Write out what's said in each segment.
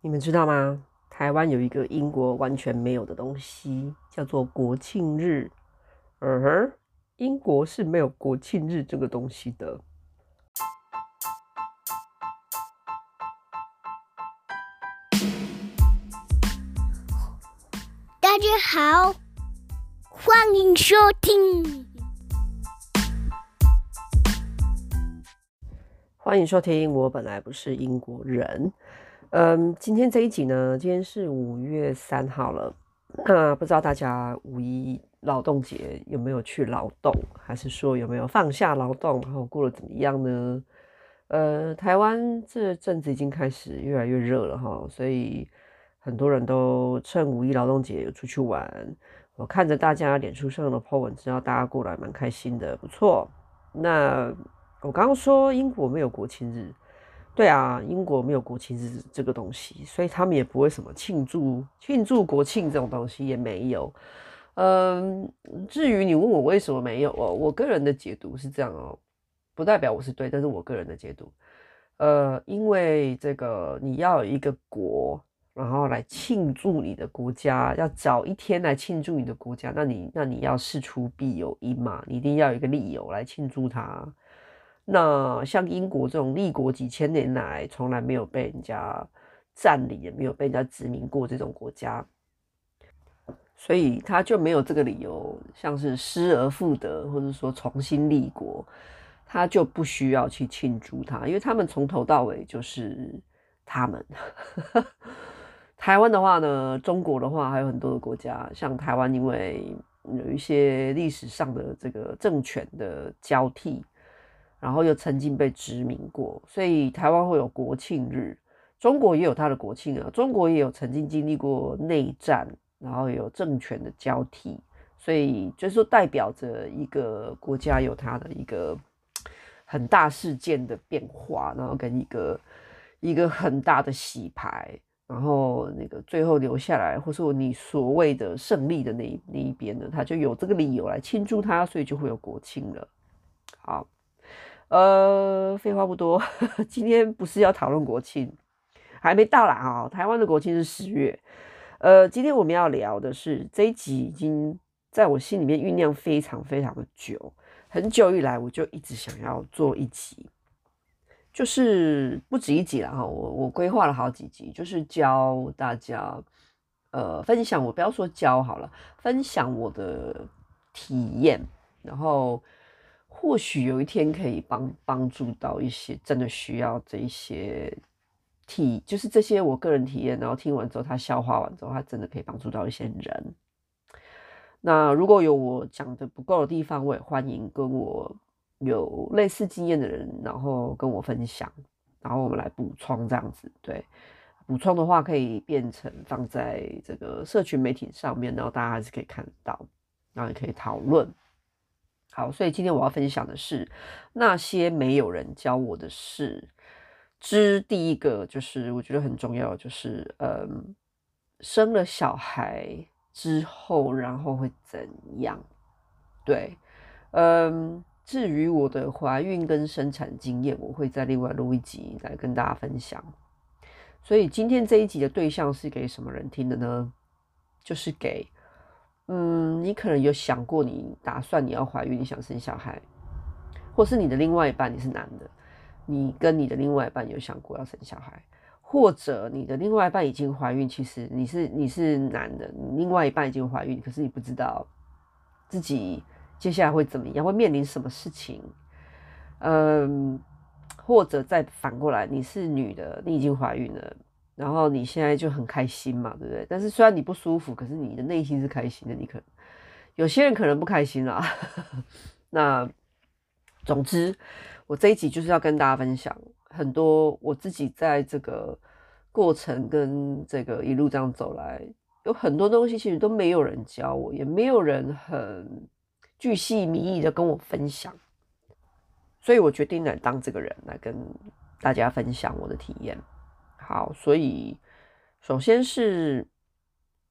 你們知道嗎？台灣有一個英國完全沒有的東西，叫做國慶日。嗯哼，英國是沒有國慶日這個東西的。大家好，歡迎收聽。歡迎收聽，我本來不是英國人。嗯，今天這一集呢，今天是五月三號了。那、啊、不知道大家五一勞動節有沒有去勞動，還是說有沒有放下勞動，然後過得怎麼樣呢？呃，台灣這陣子已經開始越來越熱了哈，所以很多人都趁五一勞動節有出去玩。我看着大家臉書上的 po 文，知道大家過得還蠻開心的，不錯。那我剛剛說英國沒有國慶日。對啊，英國沒有國慶日這個東西，所以他們也不會什麼慶祝慶祝國慶這種東西也沒有。嗯，至於你問我為什麼沒有哦，我個人的解讀是這樣哦、喔，不代表我是對，但是我個人的解讀。呃，因為這個你要有一個國，然後來慶祝你的國家，要早一天來慶祝你的國家，那你那你要事出必有因嘛，你一定要有一個理由來慶祝它。那像英國這種立國幾千年來從來沒有被人家占領，也沒有被人家殖民過這種國家，所以他就沒有這個理由，像是失而復得，或者說重新立國，他就不需要去慶祝他，因為他們從頭到尾就是他們。 台灣的話呢，中國的話還有很多的國家，像台灣，因為有一些歷史上的這個政權的交替。然後又曾經被殖民過，所以台灣會有國慶日，中國也有它的國慶啊。中國也有曾經經歷過內戰，然後有政權的交替，所以就是說代表着一個國家有它的一個很大事件的變化，然後跟一個一個很大的洗牌，然後那個最後留下來，或是說你所謂的勝利的那那一邊呢，他就有這個理由來慶祝他，所以就會有國慶了。好。呃，廢話不多，呵呵，今天不是要討論國慶，還沒到啦啊！台灣的國慶是十月。呃，今天我們要聊的是這一集已經在我心裡面醞釀非常非常的久，很久以來我就一直想要做一集，就是不止一集了哈。我我規劃了好幾集，就是教大家，呃，分享，我不要說教好了，分享我的體驗，然後。或許有一天可以幫幫助到一些真的需要這一些體，就是這些我個人體驗，然後聽完之後他消化完之後，他真的可以幫助到一些人。那如果有我講的不夠的地方，我也歡迎跟我有類似經驗的人，然後跟我分享，然後我們來補充這樣子。對，補充的話可以變成放在這個社群媒體上面，然後大家還是可以看到，然後也可以討論。好，所以今天我要分享的是那些沒有人教我的事。之第一個就是我覺得很重要的就是嗯，生了小孩之後，然後會怎樣？對，嗯，至於我的懷孕跟生產經驗，我會再另外錄一集來跟大家分享。所以今天這一集的對象是給什麼人聽的呢？就是給。嗯，你可能有想過，你打算你要懷孕，你想生小孩，或是你的另外一半，你是男的，你跟你的另外一半有想過要生小孩，或者你的另外一半已經懷孕，其實你是你是男的，你另外一半已經懷孕，可是你不知道自己接下來會怎麼樣，會面臨什麼事情。嗯，或者再反過來，你是女的，你已經懷孕了。然後你現在就很開心嘛，對不對？但是雖然你不舒服，可是你的內心是開心的。你可能有些人可能不開心啦。 那總之，我這一集就是要跟大家分享很多我自己在這個過程跟這個一路這樣走來，有很多東西其實都沒有人教我，也沒有人很巨細靡遺的跟我分享，所以我決定來當這個人來跟大家分享我的體驗。好，所以首先是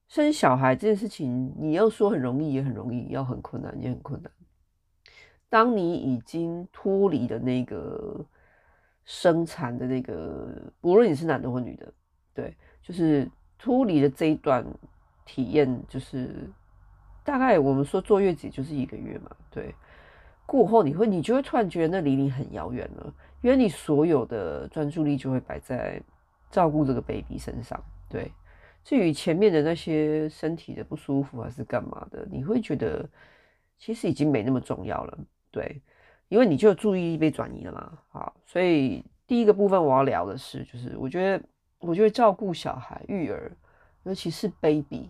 生小孩這件事情，你要說很容易也很容易，要很困難也很困難。當你已經脫離了那個生產的那個，無論你是男的或女的，對，就是脫離的這一段體驗，就是大概我們說坐月子也就是一個月嘛，對，過後你會你就會突然覺得那離你很遙遠了，因為你所有的專注力就會擺在。照顧這個 baby 身上，對。至於前面的那些身體的不舒服還是幹嘛的，你會覺得其實已經沒那麼重要了，對。因為你就有注意力被轉移了嘛，好。所以第一個部分我要聊的是，就是我覺得，我覺得照顧小孩、育兒，尤其是 baby，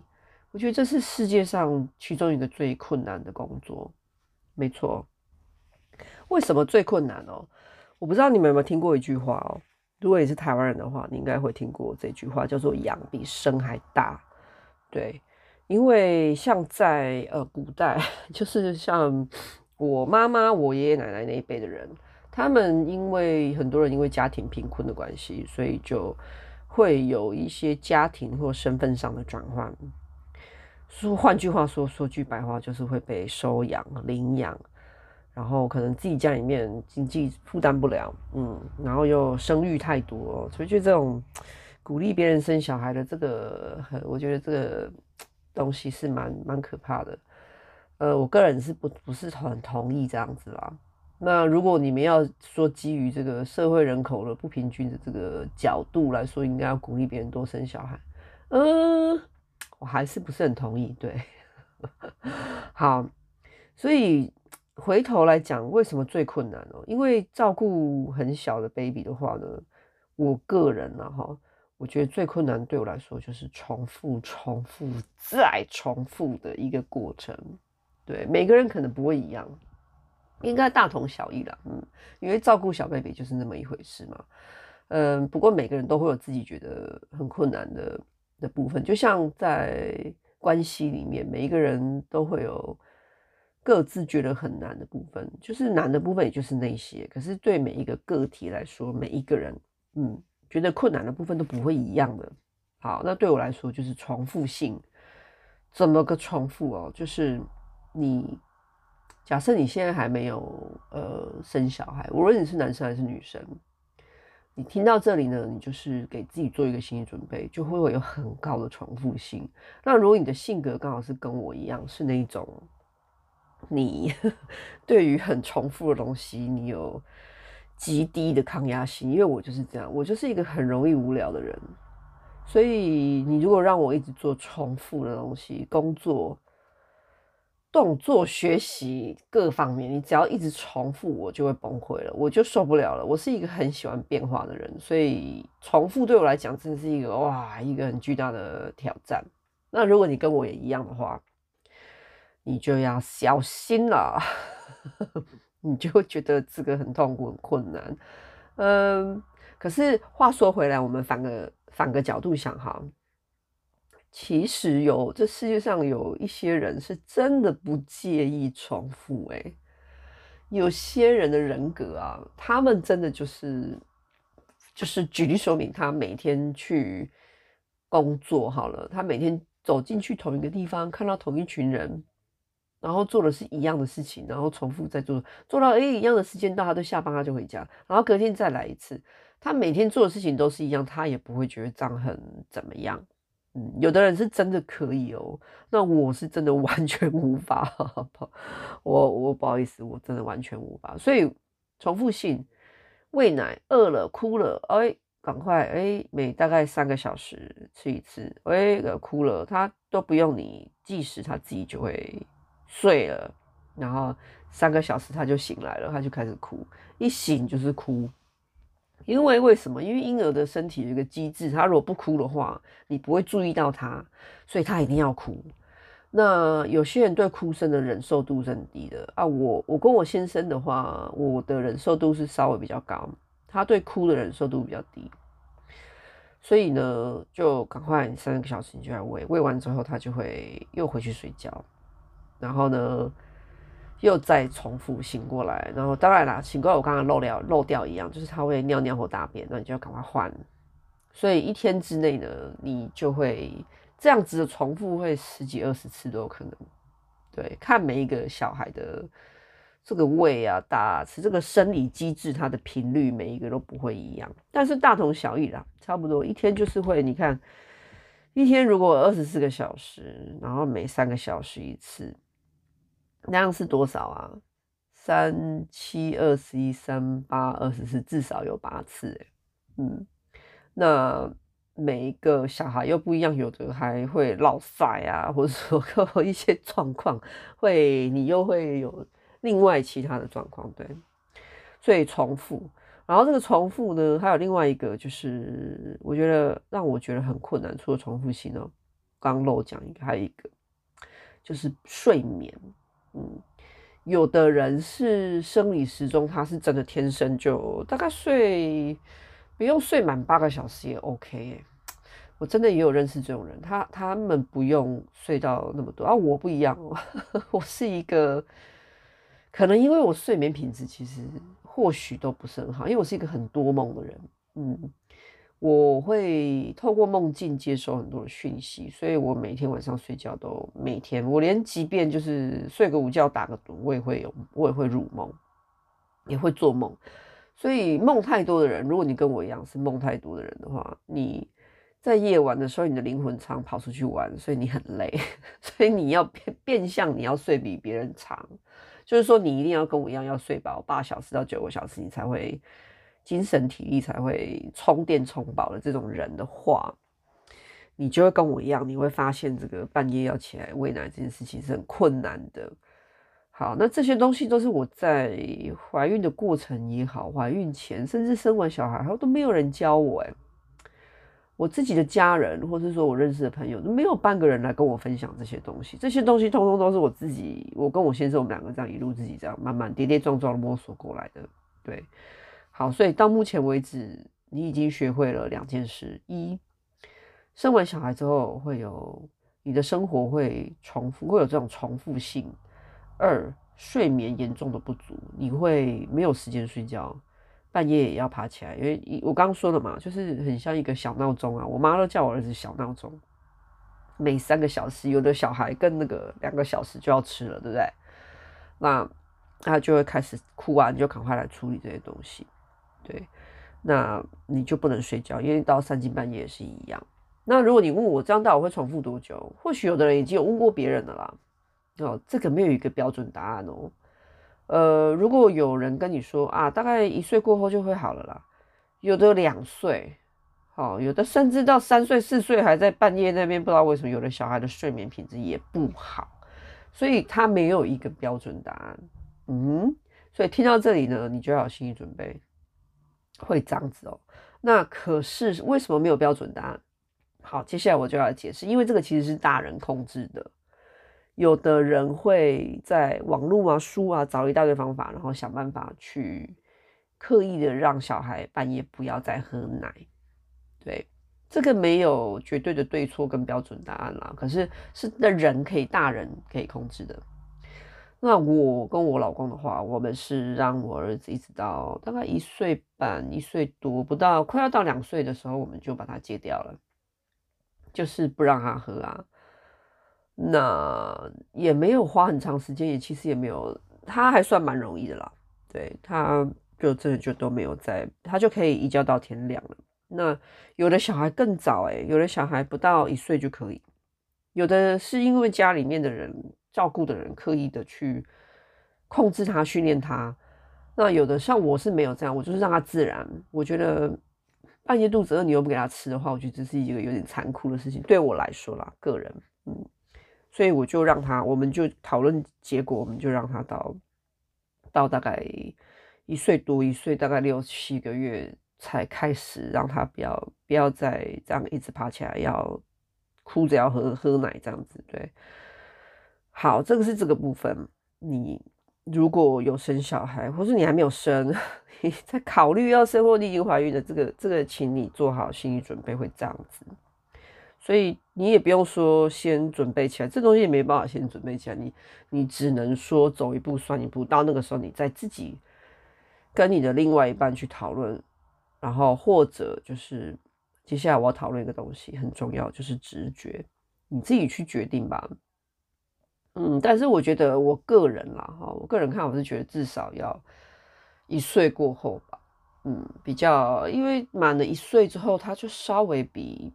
我覺得這是世界上其中一個最困難的工作，沒錯。為什麼最困難哦？我不知道你們有沒有聽過一句話哦。如果你是台灣人的話，你應該會聽過這句話，叫做“養比生還大”，對，因為像在呃古代，就是像我媽媽、我爺爺奶奶那一輩的人，他們因為很多人因為家庭貧困的關係，所以就會有一些家庭或身份上的轉換。說，換句話說，說句白話，就是會被收養、領養。然後可能自己家裡面經濟負擔不了，嗯，然後又生育太多，所以就這種鼓勵別人生小孩的這個，我覺得這個東西是蠻蠻可怕的。呃，我個人是不不是很同意這樣子啦。那如果你們要說基於這個社會人口的不平均的這個角度來說，應該要鼓勵別人多生小孩，嗯，我還是不是很同意。對， 好，所以。回頭來講，為什麼最困難哦？因為照顧很小的 baby 的話呢，我個人呢、啊、哈，我覺得最困難對我來說就是重複、重複再重複的一個過程。對，每個人可能不會一樣，應該大同小異啦。嗯，因為照顧小 baby 就是那麼一回事嘛。嗯，不過每個人都會有自己覺得很困難的的部分，就像在關係裡面，每一個人都會有。各自覺得很難的部分，就是難的部分，也就是那些。可是對每一個個體來說，每一個人，嗯，覺得困難的部分都不會一樣的。好，那對我來說就是重複性，怎麼個重複哦？就是你假設你現在還沒有呃生小孩，無論你是男生還是女生，你聽到這裡呢，你就是給自己做一個心理準備，就會有有很高的重複性。那如果你的性格剛好是跟我一樣，是那一種。你對於很重複的東西，你有極低的抗壓性，因為我就是這樣，我就是一個很容易無聊的人。所以你如果讓我一直做重複的東西、工作、動作、學習各方面，你只要一直重複，我就會崩潰了，我就受不了了。我是一個很喜歡變化的人，所以重複對我來講真的是一個哇，一個很巨大的挑戰。那如果你跟我也一樣的話，你就要小心了， 你就會覺得這個很痛苦、很困難。嗯，可是話說回來，我們反個反個角度想哈，其實有這世界上有一些人是真的不介意重複。誒，有些人的人格啊，他們真的就是就是舉例說明，他每天去工作好了，他每天走進去同一個地方，看到同一群人。然後做的是一樣的事情，然後重複再做，做到誒一樣的時間到，他都下班，他就回家，然後隔天再來一次。他每天做的事情都是一樣，他也不會覺得這樣很怎麼樣。嗯，有的人是真的可以哦，那我是真的完全無法，好好，我我不好意思，我真的完全無法。所以重複性餵奶，餓了哭了，哎，趕快哎，每大概三個小時吃一次，哎，哭了，他都不用你計時，即他自己就會。睡了，然後三個小時他就醒來了，他就開始哭，一醒就是哭。因為為什麼？因為嬰兒的身體有一個機制，他如果不哭的話，你不會注意到他，所以他一定要哭。那有些人對哭聲的忍受度是很低的，啊我，我我跟我先生的話，我的忍受度是稍微比較高，他對哭的忍受度比較低，所以呢，就趕快三個小時你就要餵，餵完之後他就會又回去睡覺。然後呢，又再重複醒過來，然後當然啦，醒過來我剛剛漏掉漏掉一樣，就是他會尿尿或大便，那你就要趕快換。所以一天之內呢，你就會這樣子的重複，會十幾二十次都有可能。對，看每一個小孩的這個胃啊、大、這個生理機制，它的頻率每一個都不會一樣，但是大同小異啦，差不多一天就是會，你看一天如果二十四個小時，然後每三個小時一次。那樣是多少啊？三七二十一，三八二十四，至少有八次欸。嗯，那每一個小孩又不一樣，有的還會落曬啊，或者說有一些狀況，會你又會有另外其他的狀況，對，所以重複。然後這個重複呢，還有另外一個，就是我覺得讓我覺得很困難，除了重複性哦，剛漏講一個，還有一個就是睡眠。有的人是生理時鐘，他是真的天生就大概睡不用睡滿八個小時也 OK、欸。我真的也有認識這種人他，他他們不用睡到那麼多、啊，我不一樣，我是一個可能因為我睡眠品質其實或許都不是很好，因為我是一個很多夢的人，嗯。我會，透過夢境接收很多的訊息，所以我每天晚上睡覺都每天，我連即便就是睡個午覺打個盹，我也會有，我也會入夢，也會做夢。所以夢太多的人，如果你跟我一樣是夢太多的人的話，你在夜晚的時候，你的靈魂常跑出去玩，所以你很累，所以你要變變相，你要睡比別人長，就是說你一定要跟我一樣要睡飽八小時到九個小時，你才會。精神體力才會充電充飽的，這種人的話，你就會跟我一樣，你會發現這個半夜要起來餵奶這件事情是很困難的。好，那這些東西都是我在懷孕的過程也好，懷孕前甚至生完小孩後，都沒有人教我，欸。我自己的家人或是說我認識的朋友，都沒有半個人來跟我分享這些東西。這些東西通通都是我自己，我跟我先生我們兩個這樣一路自己這樣慢慢跌跌撞撞摸索過來的。對。好，所以到目前為止，你已經學會了兩件事：一，生完小孩之後會有你的生活會重複，會有這種重複性；二，睡眠嚴重的不足，你會沒有時間睡覺，半夜也要爬起來，因為我剛剛說的嘛，就是很像一個小鬧鐘啊。我媽都叫我兒子“小鬧鐘”，每三個小時，有的小孩跟那個兩個小時就要吃了，對不對？那他就會開始哭啊，你就趕快來處理這些東西。對，那你就不能睡覺，因為到三更半夜也是一樣。那如果你問我，這樣到底會重複多久？或許有的人已經有問過別人了啦。哦，這個沒有一個標準答案哦。呃，如果有人跟你說啊，大概一歲過後就會好了啦，有的兩歲，哦，有的甚至到三歲四歲還在半夜那邊，不知道為什麼有的小孩的睡眠品質也不好，所以他沒有一個標準答案。嗯，所以聽到這裡呢，你就要有心理準備。會這樣子哦，那可是為什麼沒有標準答案？好，接下來我就要解釋，因為這個其實是大人控制的。有的人會在網絡啊、書啊找一大堆方法，然後想辦法去刻意的讓小孩半夜不要再喝奶。對，這個沒有絕對的對錯跟標準答案啦，可是是那人可以，大人可以控制的。那我跟我老公的話，我們是讓我兒子一直到大概一歲半，一歲多不到快要到兩歲的時候，我們就把他戒掉了，就是不讓他喝啊。那也沒有花很長時間，也其實也沒有，他還算蠻容易的啦。對，他就真的就都沒有在，他就可以一覺到天亮了。那有的小孩更早誒、欸、有的小孩不到一歲就可以，有的是因為家裡面的人。照顧的人刻意的去控制他、訓練他，那有的像我是沒有這樣，我就是讓他自然。我覺得半夜肚子餓，你又不給他吃的話，我覺得這是一個有點殘酷的事情。對我來說啦，個人，嗯，所以我就讓他，我們就討論結果，我們就讓他到到大概一歲多，一歲大概六七個月才開始讓他不要不要再這樣一直爬起來，要哭着要喝喝奶這樣子，對。好，這個是這個部分。你如果有生小孩，或是你還沒有生，你在考慮要生或你已經懷孕的這個這個，請你做好心理準備，會這樣子。所以你也不用說先準備起來，這東西也沒辦法先準備起來。你你只能說走一步算一步，到那個時候你再自己跟你的另外一半去討論。然後或者就是接下來我要討論一個東西，很重要，就是直覺，你自己去決定吧。嗯，但是我覺得我個人啦哈、喔，我個人看我是覺得至少要一歲過後吧。嗯，比較因為滿了一歲之後，他就稍微比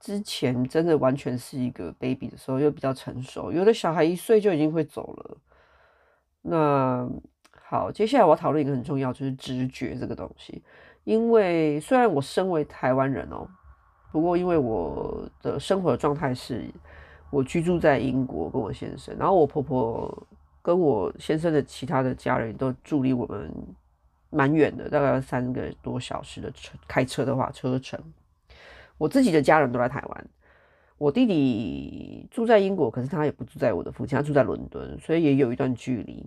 之前真的完全是一個 baby 的時候又比較成熟。有的小孩一歲就已經會走了。那好，接下來我要討論一個很重要，就是直覺這個東西。因為雖然我身為台灣人哦、喔，不過因為我的生活狀態是。我居住在英國，跟我先生，然後我婆婆跟我先生的其他的家人都住離我們蠻遠的，大概三個多小時的車，開車的話車程。我自己的家人都在台灣，我弟弟住在英國，可是他也不住在我的附近，他住在倫敦，所以也有一段距離。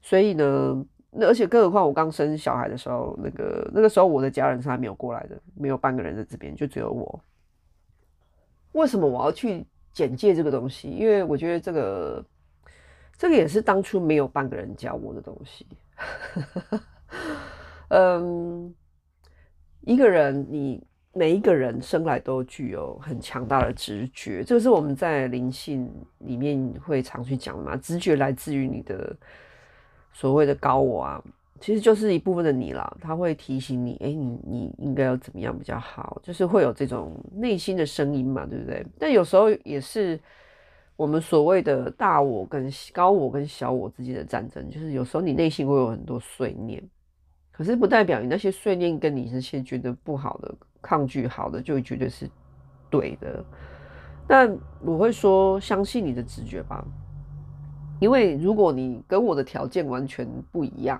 所以呢，那而且更何況我剛生小孩的時候，那個那個時候我的家人是還沒有過來的，沒有半個人在這邊，就只有我。為什麼我要去？簡介這個東西，因為我覺得這個這個也是當初沒有半個人教我的東西。 嗯，一個人，你每一個人生來都具有很強大的直覺，這個是我們在靈性裡面會常去講的嘛。直覺來自於你的所謂的高我啊。其實就是一部分的你啦，他會提醒你，哎，你你應該要怎麼樣比較好，就是會有這種內心的聲音嘛，對不對？但有時候也是我們所謂的大我跟高我跟小我之間的戰爭，就是有時候你內心會有很多碎念，可是不代表你那些碎念跟你是覺得不好的抗拒好的，就會覺得是對的。但我會說，相信你的直覺吧，因為如果你跟我的條件完全不一樣。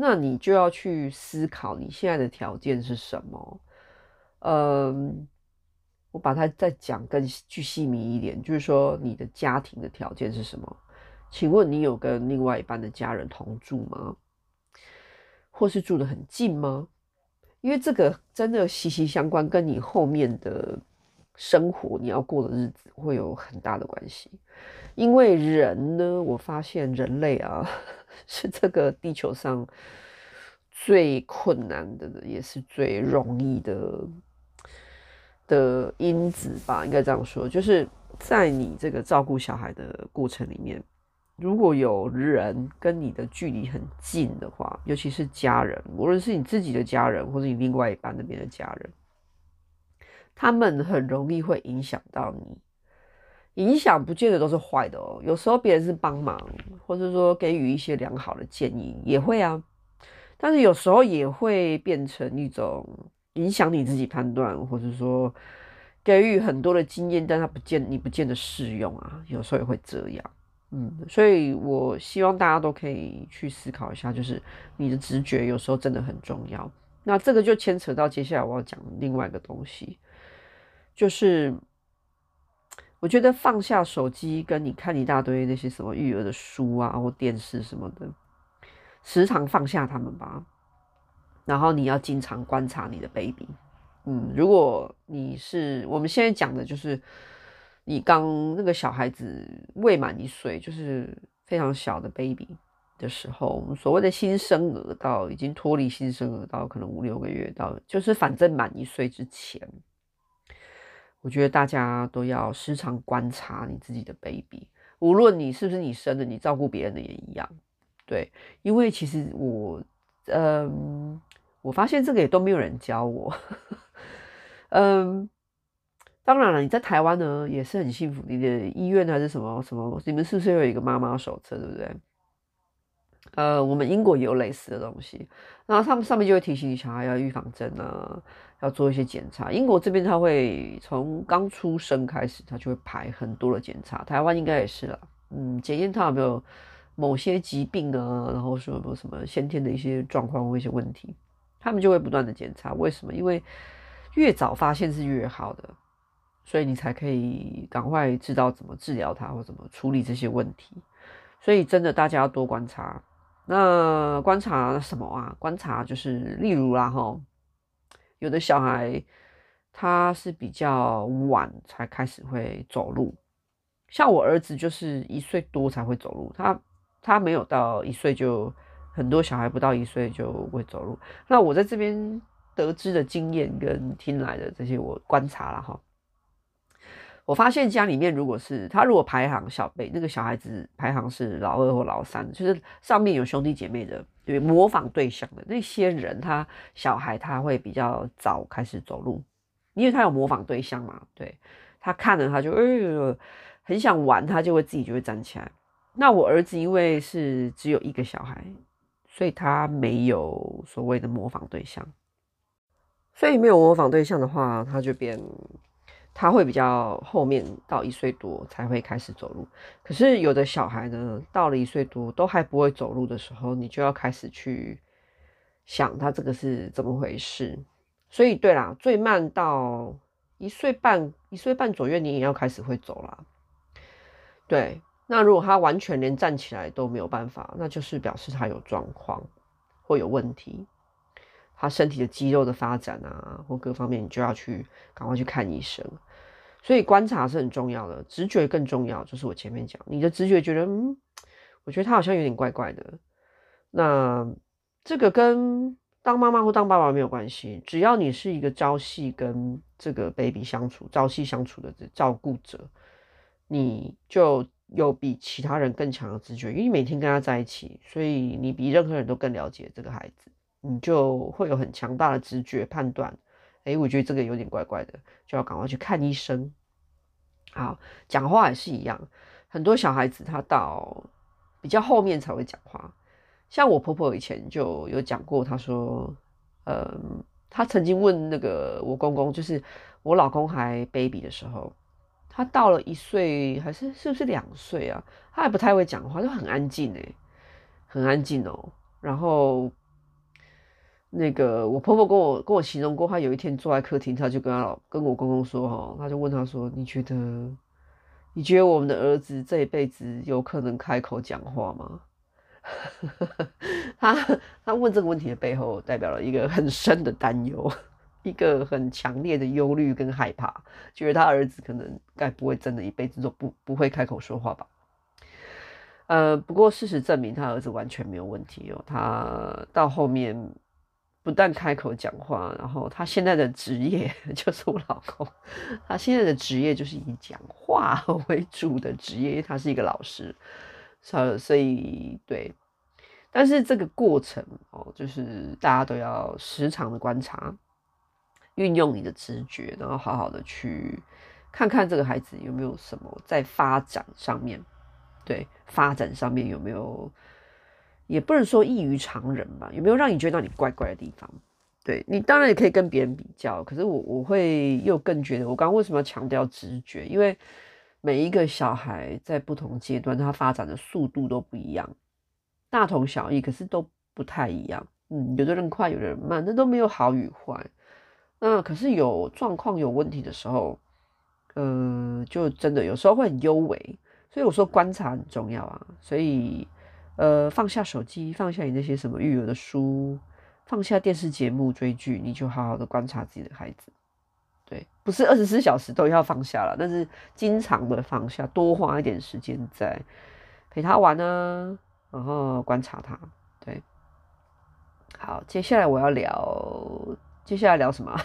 那你就要去思考你現在的條件是什麼。嗯，我把它再講更具細密一點，就是說你的家庭的條件是什麼？請問你有跟另外一半的家人同住嗎？或是住得很近嗎？因為這個真的息息相關，跟你後面的。生活你要過的日子會有很大的關係，因為人呢，我發現人類啊，是這個地球上最困難的，也是最容易的的因子吧，應該這樣說，就是在你這個照顧小孩的過程裡面，如果有人跟你的距離很近的話，尤其是家人，無論是你自己的家人，或是你另外一半那邊的家人。他們很容易會影響到你，影響不見得都是壞的哦。有時候別人是幫忙，或者說給予一些良好的建議，也會啊。但是有時候也會變成一種影響你自己判斷，或者說給予很多的經驗，但他不見你不見得適用啊。有時候也會這樣。嗯，所以我希望大家都可以去思考一下，就是你的直覺有時候真的很重要。那這個就牽扯到接下來我要講另外一個東西。就是，我覺得放下手機，跟你看一大堆那些什麼育兒的書啊，或電視什麼的，時常放下他們吧。然後你要經常觀察你的 baby。嗯，如果你是我們現在講的，就是你剛那個小孩子未滿一歲，就是非常小的 baby 的時候，我們所謂的新生兒到已經脫離新生兒到可能五六個月到，就是反正滿一歲之前。我覺得大家都要時常觀察你自己的 baby，無論你是不是你生的，你照顧別人的也一樣，對，因為其實我，嗯，我發現這個也都沒有人教我，呵呵嗯，當然了，你在台灣呢，也是很幸福，你的醫院還是什麼什麼，你們是不是有一個媽媽手冊，對不對？呃、嗯，我們英國也有類似的東西，然後上上面就會提醒你小孩要預防針啊。要做一些檢查，英國這邊他會從剛出生開始，他就會排很多的檢查。台灣應該也是啦，嗯，檢驗他有沒有某些疾病啊，然後說有沒有什麼先天的一些狀況或一些問題，他們就會不斷的檢查。為什麼？因為越早發現是越好的，所以你才可以趕快知道怎麼治療他或怎麼處理這些問題。所以真的，大家要多觀察。那觀察什麼啊？觀察就是，例如啦，齁。有的小孩他是比較晚才開始會走路，像我兒子就是一歲多才會走路，他他沒有到一歲，就很多小孩不到一歲就會走路。那我在這邊得知的經驗跟聽來的這些，我觀察了哈，我發現家裡面如果是，他如果排行小輩，那個小孩子排行是老二或老三，就是上面有兄弟姐妹的，對模仿對象的那些人他，他小孩他會比較早開始走路，因為他有模仿對象嘛。對，他看了他就哎呦呦，很想玩，他就會自己就會站起來。那我兒子因為是只有一個小孩，所以他沒有所謂的模仿對象。所以沒有模仿對象的話，他就變。他會比較後面到一歲多才會開始走路，可是有的小孩呢，到了一歲多都還不會走路的時候，你就要開始去想他這個是怎麼回事。所以對啦，最慢到一歲半，一歲半左右你也要開始會走啦。對，那如果他完全連站起來都沒有辦法，那就是表示他有狀況或有問題，他身體的肌肉的發展啊，或各方面你就要去趕快去看醫生。所以觀察是很重要的，直覺更重要。就是我前面講，你的直覺覺得，嗯，我覺得他好像有點怪怪的。那這個跟當媽媽或當爸爸沒有關係，只要你是一個朝夕跟這個 baby 相處、朝夕相處的照顧者，你就有比其他人更強的直覺，因為你每天跟他在一起，所以你比任何人都更了解這個孩子，你就會有很強大的直覺判斷。誒，我覺得這個有點怪怪的，就要趕快去看醫生。好，講話也是一樣，很多小孩子他到比較後面才會講話。像我婆婆以前就有講過，她說，嗯，她曾經問那個我公公，就是我老公還 baby 的時候，他到了一歲還是是不是兩歲啊？他也不太會講話，就很安靜欸，很安靜哦，然後。那個，我婆婆跟我跟我形容過，她有一天坐在客廳，她就跟她老跟我公公說喔：“哈，她就問她說，你覺得你覺得我們的兒子這一輩子有可能開口講話嗎？” 她她問這個問題的背後，代表了一個很深的擔憂，一個很強烈的憂慮跟害怕，覺得她兒子可能該不會真的一輩子都不不會開口說話吧？呃，不過事實證明，她兒子完全沒有問題哦。她到後面。不但開口講話，然後他現在的職業就是我老公，他現在的職業就是以講話為主的職業，因為他是一個老師，所以對，但是這個過程哦，就是大家都要時常的觀察，運用你的直覺，然後好好的去看看這個孩子有沒有什麼在發展上面，對，發展上面有沒有。也不能說異於常人吧，有沒有讓你覺得到你怪怪的地方？對，你當然也可以跟別人比較，可是我我會又更覺得我剛剛為什麼要強調直覺？因為每一個小孩在不同階段，他發展的速度都不一樣，大同小異，可是都不太一樣。嗯，有的人快，有的人慢，那都沒有好與壞。那可是有狀況有問題的時候，嗯、呃，就真的有時候會很幽微。所以我說觀察很重要啊，所以。呃，放下手機，放下你那些什麼育兒的書，放下電視節目追劇，你就好好的觀察自己的孩子。對，不是二十四小時都要放下了，但是經常的放下，多花一點時間在陪他玩啊，然後觀察他。對，好，接下來我要聊，接下來聊什麼？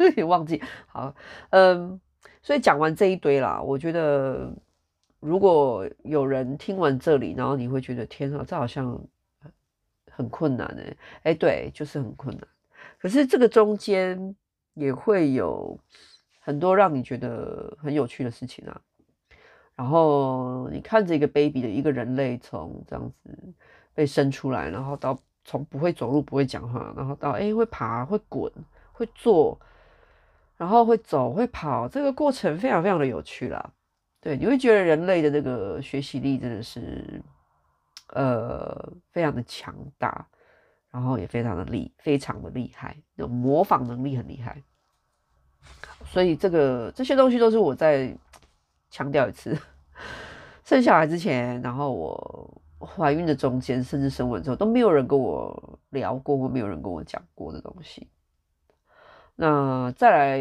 有點 忘記。好，嗯，所以講完這一堆啦，我覺得。如果有人聽完這裡，然後你會覺得天啊，這好像很困難呢。哎、欸，對，就是很困難。可是這個中間也會有很多讓你覺得很有趣的事情啊。然後你看着一個 baby 的一個人類從這樣子被生出來，然後到從不會走路、不會講話，然後到誒、欸，會爬、會滾、會坐，然後會走、會跑，這個過程非常非常的有趣啦。對，你會覺得人類的這個學習力真的是，呃，非常的強大，然後也非常的厲，非常的厲害，有模仿能力很厲害。所以這個這些東西都是我在強調一次，生小孩之前，然後我懷孕的中間，甚至生完之後，都沒有人跟我聊過，或沒有人跟我講過的東西。那再來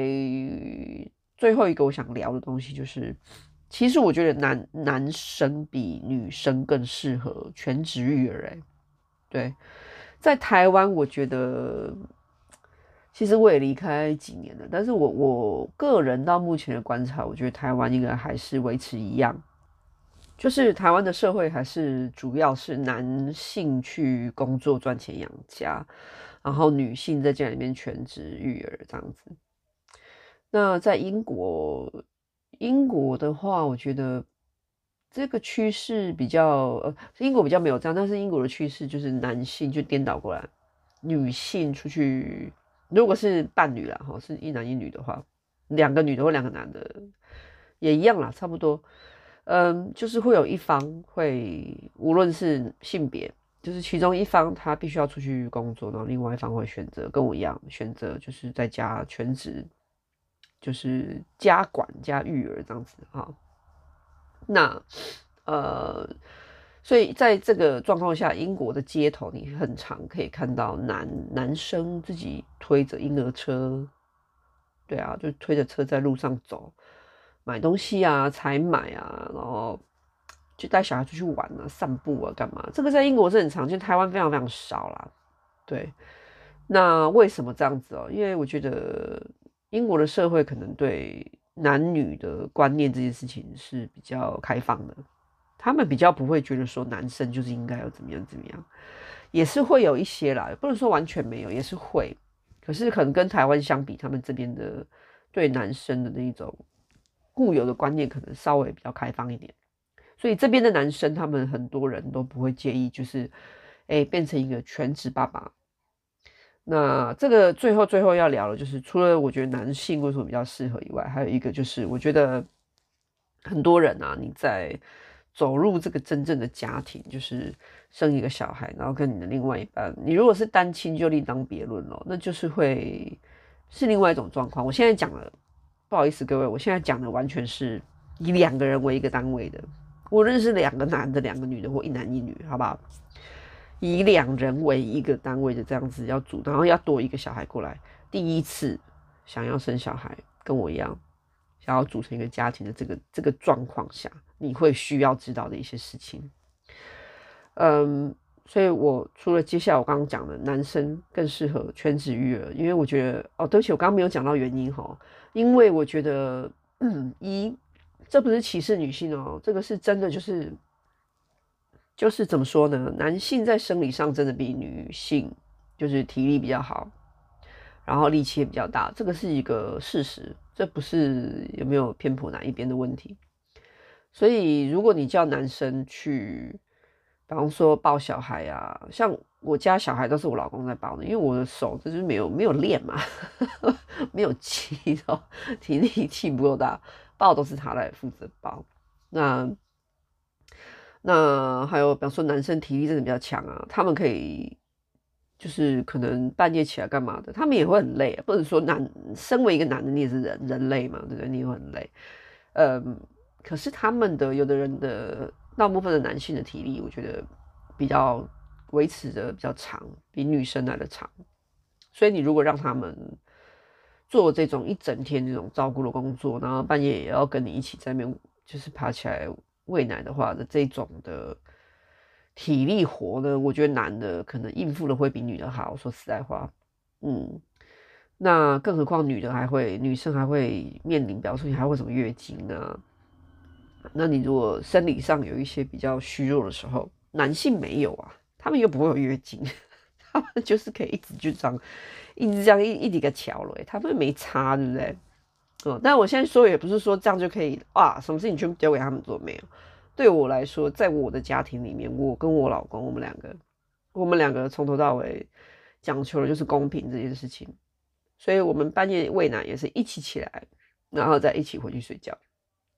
最後一個我想聊的東西就是。其實我覺得男男生比女生更適合全職育兒，欸。對，在台灣，我覺得，其實我也離開幾年了，但是我我個人到目前的觀察，我覺得台灣應該還是維持一樣，就是台灣的社會還是主要是男性去工作賺錢養家，然後女性在家裡面全職育兒這樣子。那在英國。英國的話，我覺得這個趨勢比較呃，英國比較沒有這樣。但是英國的趨勢就是男性就顛倒過來，女性出去，如果是伴侶啦哈，是一男一女的話，兩個女的或兩個男的也一樣啦，差不多。嗯，就是會有一方會，無論是性別，就是其中一方他必須要出去工作，然後另外一方會選擇跟我一樣，選擇就是在家全職。就是家管加育兒這樣子啊、哦，那呃，所以在這個狀況下，英國的街頭你很常可以看到男男生自己推着嬰兒車，對啊，就推着車在路上走，買東西啊、採買啊，然後就帶小孩出去玩啊、散步啊、幹嘛，這個在英國是很常見，台灣非常非常少啦。對，那為什麼這樣子哦？因為我覺得。英國的社會可能對男女的觀念這件事情是比較開放的，他們比較不會覺得說男生就是應該要怎麼樣怎麼樣，也是會有一些啦，不能說完全沒有，也是會。可是可能跟台灣相比，他們這邊的對男生的那一種固有的觀念可能稍微比較開放一點，所以這邊的男生他們很多人都不會介意，就是哎、欸、變成一個全職爸爸。那這個最後最後要聊的，就是除了我覺得男性為什麼比較適合以外，還有一個就是我覺得很多人啊，你在走入這個真正的家庭，就是生一個小孩，然後跟你的另外一半，你如果是單親就另當別論咯，那就是會是另外一種狀況。我現在講的不好意思各位，我現在講的完全是以兩個人為一個單位的，無論是兩個男的、兩個女的或一男一女，好不好？以兩人為一個單位的這樣子要組，然後要多一個小孩過來。第一次想要生小孩，跟我一樣想要組成一個家庭的這個這個狀況下，你會需要知道的一些事情。嗯，所以我除了接下來我剛剛講的，男生更適合全職育兒，因為我覺得哦，而且我剛剛沒有講到原因哈，因為我覺得一，嗯，這不是歧視女性哦，喔，這個是真的就是。就是怎麼說呢？男性在生理上真的比女性就是體力比較好，然後力氣也比較大，這個是一個事實，這不是有沒有偏頗哪一邊的問題。所以如果你叫男生去，比方說抱小孩啊，像我家小孩都是我老公在抱的，因為我的手就是沒有沒有練嘛，呵呵沒有氣哦，體力氣不夠大，抱都是他來負責抱。那。那還有，比方說男生體力真的比較強啊，他們可以就是可能半夜起來幹嘛的，他們也會很累啊，或者說男身為一個男的，你也是人，人類嘛，對不對？你也會很累。嗯，可是他們的有的人的大部分的男性的體力，我覺得比較維持的比較長，比女生來的長。所以你如果讓他們做這種一整天這種照顧的工作，然後半夜也要跟你一起在那邊，就是爬起來，餵奶的話的這種的體力活呢，我覺得男的可能應付的會比女的好。我說實在話，嗯，那更何況女的還會，女生還會面臨，比如說你還會什麼月經啊，那你如果生理上有一些比較虛弱的時候，男性沒有啊，他們又不會有月經，呵呵，他們就是可以一直就這樣一直這樣一一個橋了，他們沒差對不對？但我現在說也不是說這樣就可以啊，什麼事情全部交給他們做沒有？對我來說，在我的家庭裡面，我跟我老公，我們兩個，我們兩個從頭到尾講求的就是公平這件事情。所以我們半夜餵奶也是一起起來，然後再一起回去睡覺。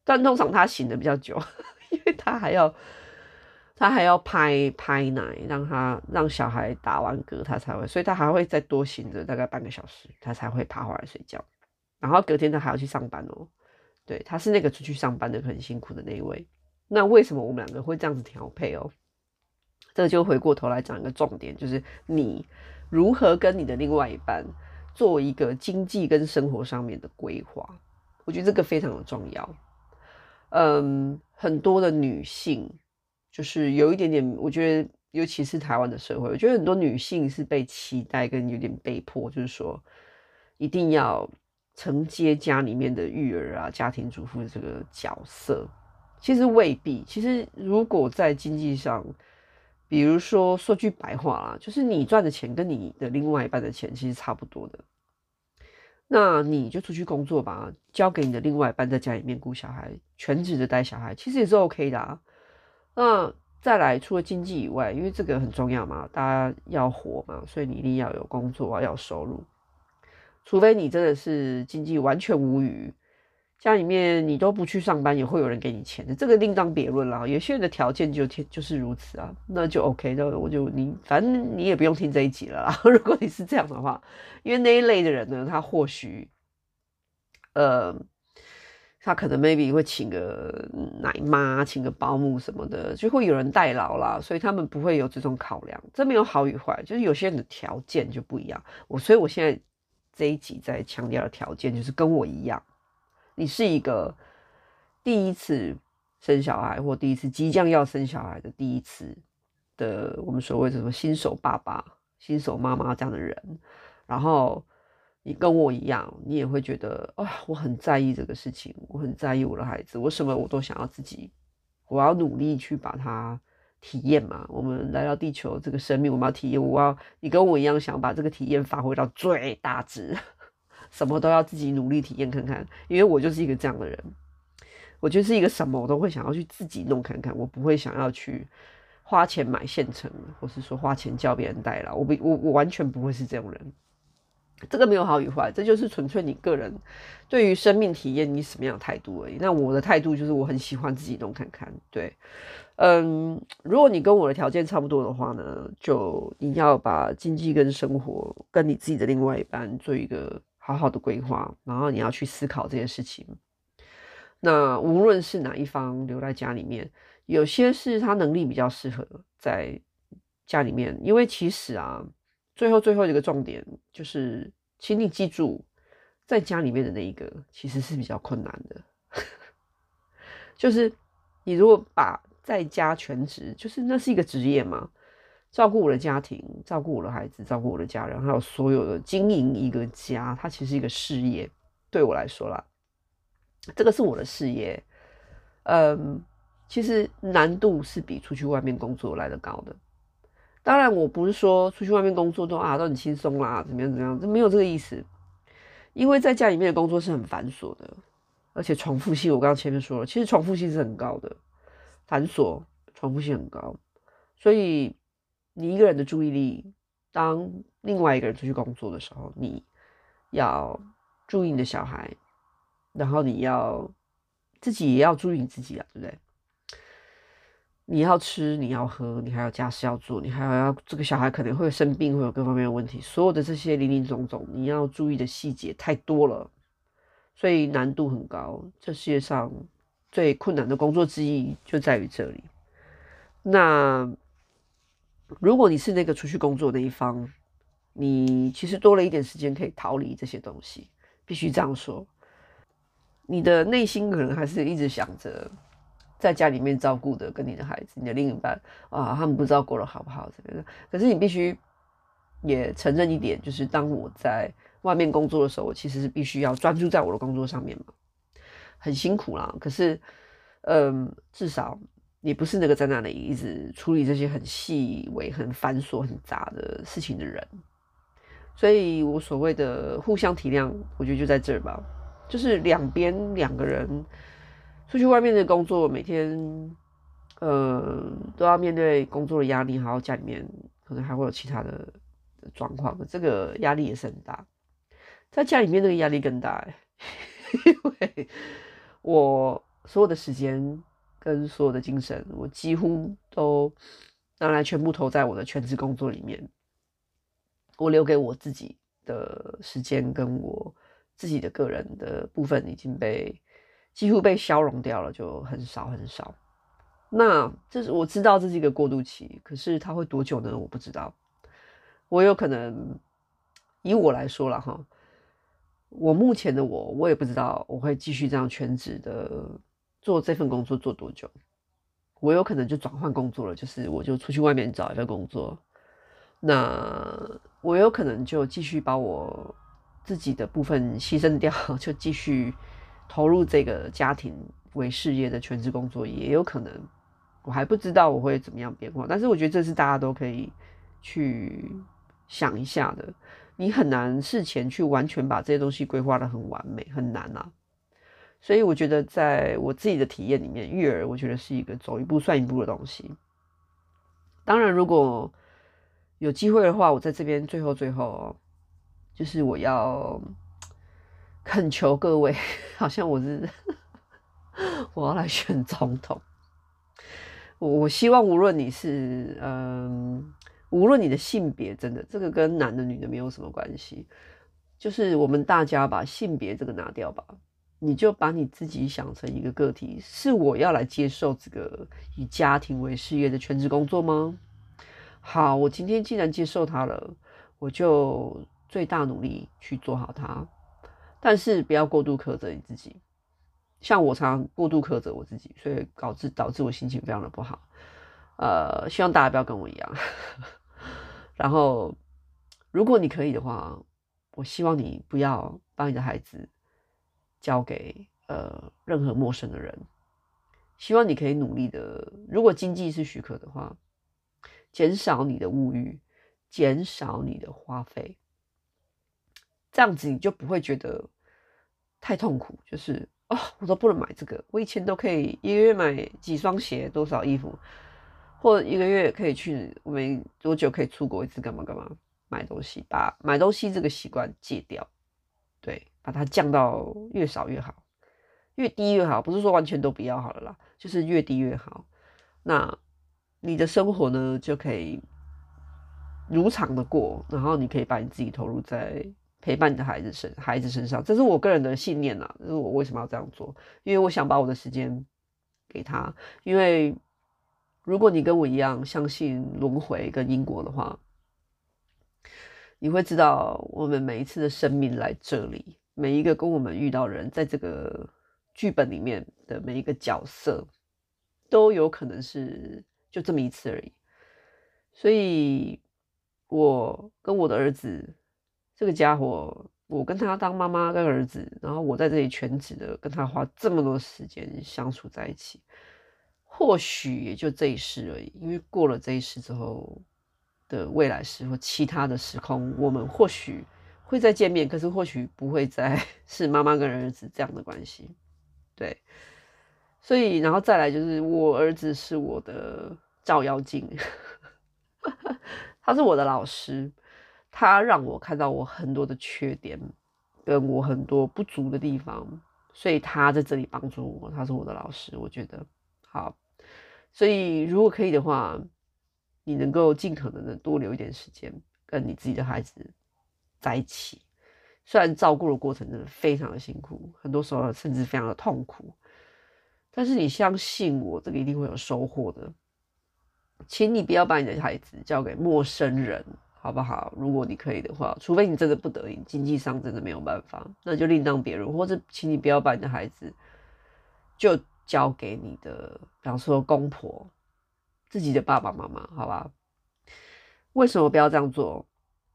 但通常他醒的比較久，因為他還要他還要拍拍奶，讓他讓小孩打完嗝，他才會，所以他還會再多醒着大概半個小時，他才會爬回來睡覺。然後隔天他還要去上班哦，對，他是那個出去上班的很辛苦的那一位。那為什麼我們兩個會這樣子調配哦？這就回過頭來講一個重點，就是你如何跟你的另外一半做一個經濟跟生活上面的規劃。我覺得這個非常的重要。嗯，很多的女性就是有一點點，我覺得尤其是台灣的社會，我覺得很多女性是被期待跟有點被迫，就是說一定要。承接家裡面的育兒啊，家庭主婦的這個角色，其實未必。其實如果在經濟上，比如說說句白話啦，就是你賺的錢跟你的另外一半的錢其實差不多的，那你就出去工作吧，交給你的另外一半在家裡面顧小孩，全職的帶小孩，其實也是 OK 的啊。那再來，除了經濟以外，因為這個很重要嘛，大家要活嘛，所以你一定要有工作啊，要收入。除非你真的是經濟完全無虞，家裡面你都不去上班，也會有人給你錢的。這個另當別論了。有些人的條件就就是如此啊，那就 OK 的，我就你，反正你也不用聽這一集了啦。如果你是這樣的話，因為那一類的人呢，他或許呃，他可能 maybe 會請個奶媽，請個保姆什麼的，就會有人代勞啦，所以他們不會有這種考量。這沒有好與壞，就是有些人的條件就不一樣。我所以，我現在。這一集在強調的條件就是跟我一樣，你是一個第一次生小孩，或第一次即將要生小孩的第一次的我們所謂的什麼新手爸爸、新手媽媽這樣的人，然後你跟我一樣，你也會覺得啊，我很在意這個事情，我很在意我的孩子，我什麼我都想要自己，我要努力去把他。體驗嘛，我們來到地球這個生命，我們要體驗。我要你跟我一樣，想把這個體驗發揮到最大值，什麼都要自己努力體驗看看。因為我就是一個這樣的人，我就是一個什麼我都會想要去自己弄看看，我不會想要去花錢買現成或是說花錢叫別人帶了。我不，我我完全不會是這種人。這個沒有好與壞，這就是純粹你個人對於生命體驗你什麼樣的態度而已。那我的態度就是我很喜歡自己弄看看，對。嗯，如果你跟我的條件差不多的話呢，就你要把經濟跟生活跟你自己的另外一半做一個好好的規劃，然後你要去思考這件事情。那無論是哪一方留在家裡面，有些是他能力比較適合在家裡面，因為其實啊，最後最後一個重點就是，請你記住，在家裡面的那一個其實是比較困難的， 就是你如果把在家全職就是那是一個職業嘛，照顧我的家庭，照顧我的孩子，照顧我的家人，還有所有的經營一個家，它其實一個事業。對我來說啦，這個是我的事業。嗯，其實難度是比出去外面工作來得高的。當然，我不是說出去外面工作都啊都很輕鬆啦，怎麼樣怎麼樣，這沒有這個意思。因為在家裡面的工作是很繁瑣的，而且重複性，我剛剛前面說了，其實重複性是很高的。繁瑣、重複性很高，所以你一個人的注意力，當另外一個人出去工作的時候，你要注意你的小孩，然後你要自己也要注意你自己啊，對不對？你要吃，你要喝，你還有家事要做，你還有要這個小孩可能會生病，會有各方面的問題，所有的這些林林總總，你要注意的細節太多了，所以難度很高。這世界上，最困難的工作之一就在於這裡。那如果你是那個出去工作的那一方，你其實多了一點時間可以逃離這些東西，必須這樣說。你的內心可能還是一直想着在家裡面照顧的跟你的孩子、你的另一半啊，他們不知道過得好不好之類的。可是你必須也承認一點，就是當我在外面工作的時候，我其實是必須要專注在我的工作上面嘛。很辛苦啦，可是，嗯、呃，至少也不是那個在那裡一直處理這些很細微、很繁瑣、很雜的事情的人。所以，我所謂的互相體諒，我覺得就在這兒吧。就是兩邊兩個人出去外面的工作，每天，嗯、呃，都要面對工作的壓力，還有家裡面可能還會有其他的狀況，這個壓力也是很大。在家裡面那個壓力更大欸，因為。我所有的時間跟所有的精神，我幾乎都拿來全部投在我的全職工作裡面。我留給我自己的時間跟我自己的個人的部分，已經被幾乎被消融掉了，就很少很少。那這是我知道這是一個過渡期，可是它會多久呢？我不知道。我有可能，以我來說啦哈。我目前的我，我也不知道我會繼續這樣全職的做這份工作做多久。我有可能就轉換工作了，就是我就出去外面找一份工作。那我有可能就繼續把我自己的部分犧牲掉，就繼續投入這個家庭為事業的全職工作。也有可能，我還不知道我會怎麼樣變化。但是我覺得這是大家都可以去想一下的。你很難事前去完全把這些東西規劃得很完美，很難啊。所以我覺得，在我自己的體驗裡面，育兒我覺得是一個走一步算一步的東西。當然，如果有機會的話，我在這邊最後最後，就是我要懇求各位，好像我是我要來選總統。我我希望無論你是嗯。無論你的性別，真的這個跟男的女的沒有什麼關係，就是我們大家把性別這個拿掉吧，你就把你自己想成一個個體，是我要來接受這個以家庭為事業的全職工作嗎？好，我今天既然接受它了，我就最大努力去做好它，但是不要過度苛責你自己。像我常常過度苛責我自己，所以導致導致我心情非常的不好。呃，希望大家不要跟我一樣。 然後，如果你可以的話，我希望你不要把你的孩子交給呃任何陌生的人。希望你可以努力的，如果經濟是許可的話，減少你的物欲，減少你的花費，這樣子你就不會覺得太痛苦。就是哦，我都不能買這個，我以前都可以，一個月買幾雙鞋，多少衣服。或者一個月可以去，我們多久可以出國一次，幹嘛幹嘛，買東西，把買東西這個習慣戒掉，對，把它降到越少越好，越低越好，不是說完全都不要好了啦，就是越低越好。那你的生活呢就可以如常的過，然後你可以把你自己投入在陪伴你的孩子身，孩子身上，這是我個人的信念啦。這是我為什麼要這樣做，因為我想把我的時間給他，因為。如果你跟我一樣相信輪回跟因果的話，你會知道我們每一次的生命來這裡，每一個跟我們遇到的人，在這個劇本裡面的每一個角色，都有可能是就這麼一次而已。所以，我跟我的兒子，這個家伙，我跟他當媽媽跟兒子，然後我在這裡全職的跟他花這麼多時間相處在一起。或許也就這一世而已，因為過了這一世之後的未來時或其他的時空，我們或許會再見面，可是或許不會再是媽媽跟兒子這樣的關係。對，所以然後再來就是我兒子是我的照妖鏡， 他是我的老師，他讓我看到我很多的缺點，跟我很多不足的地方，所以他在這裡幫助我，他是我的老師，我覺得好。所以，如果可以的話，你能夠盡可能的多留一點時間跟你自己的孩子在一起。雖然照顧的過程真的非常的辛苦，很多時候甚至非常的痛苦，但是你相信我，這個一定會有收穫的。請你不要把你的孩子交給陌生人，好不好？如果你可以的話，除非你真的不得已，經濟上真的沒有辦法，那就另當別論。或者，請你不要把你的孩子就。交給你的，比方說公婆、自己的爸爸媽媽，好吧？為什麼不要這樣做？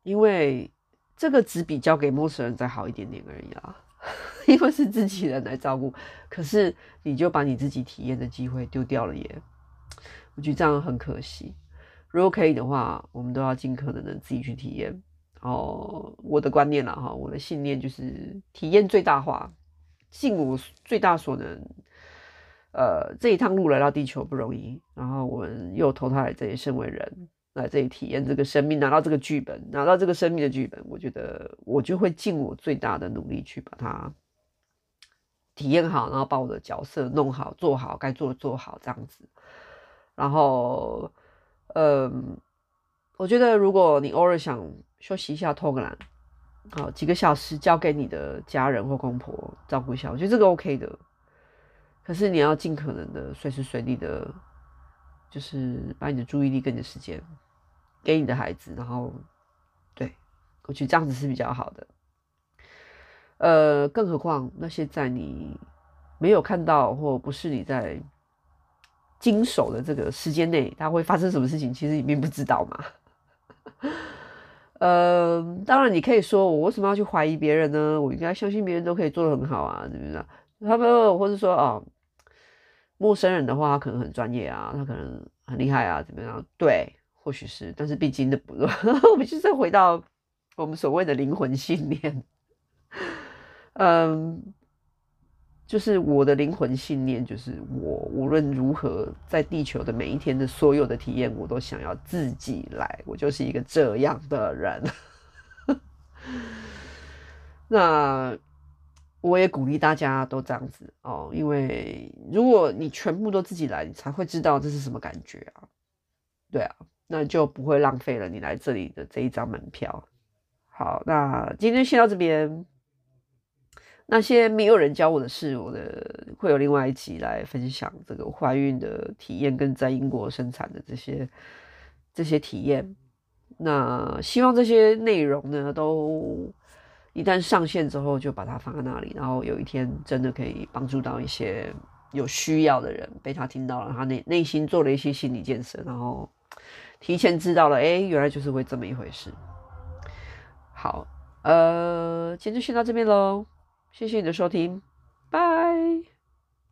因為這個只比交給陌生人再好一點點而已啦。 因為是自己人來照顧，可是你就把你自己體驗的機會丟掉了耶。我覺得這樣很可惜。如果可以的話，我們都要儘可能的自己去體驗。然後，哦，我的觀念啦，哈，我的信念就是體驗最大化，盡我最大所能。呃，這一趟路來到地球不容易，然後我們又投胎來這裡，身為人來這裡體驗這個生命，拿到這個劇本，拿到這個生命的劇本，我覺得我就會盡我最大的努力去把它體驗好，然後把我的角色弄好、做好，該做的做好這樣子。然後，嗯、呃，我覺得如果你偶爾想休息一下、偷個懶，好幾個小時交給你的家人或公婆照顧一下，我覺得這個 OK 的。可是你要盡可能的隨時隨地的，就是把你的注意力跟你的時間給你的孩子，然後對，我覺得這樣子是比較好的。呃，更何況那些在你沒有看到或不是你在經手的這個時間內，他會發生什麼事情，其實你並不知道嘛。嗯、 呃，當然你可以說我為什麼要去懷疑別人呢？我應該相信別人都可以做得很好啊，怎麼樣啊？他們或者說哦……」陌生人的話，他可能很專業啊，他可能很厲害啊，怎麼樣？對，或許是，但是畢竟的不， 我們就再回到我們所謂的靈魂信念。嗯，就是我的靈魂信念，就是我無論如何在地球的每一天的所有的體驗，我都想要自己來，我就是一個這樣的人。 那。我也鼓勵大家都這樣子哦，因為如果你全部都自己來，你才會知道這是什麼感覺啊，對啊，那就不會浪費了你來這裡的這一張門票。好，那今天先到這邊。那些沒有人教我的事，我的會有另外一集來分享這個懷孕的體驗跟在英國生產的這些這些體驗。那希望這些內容呢都。一旦上線之後，就把它放在那裡，然後有一天真的可以幫助到一些有需要的人，被他聽到了，他內內心做了一些心理建設，然後提前知道了，誒、欸、原來就是會這麼一回事。好，呃，今天就先到這邊嘍，謝謝你的收聽，拜。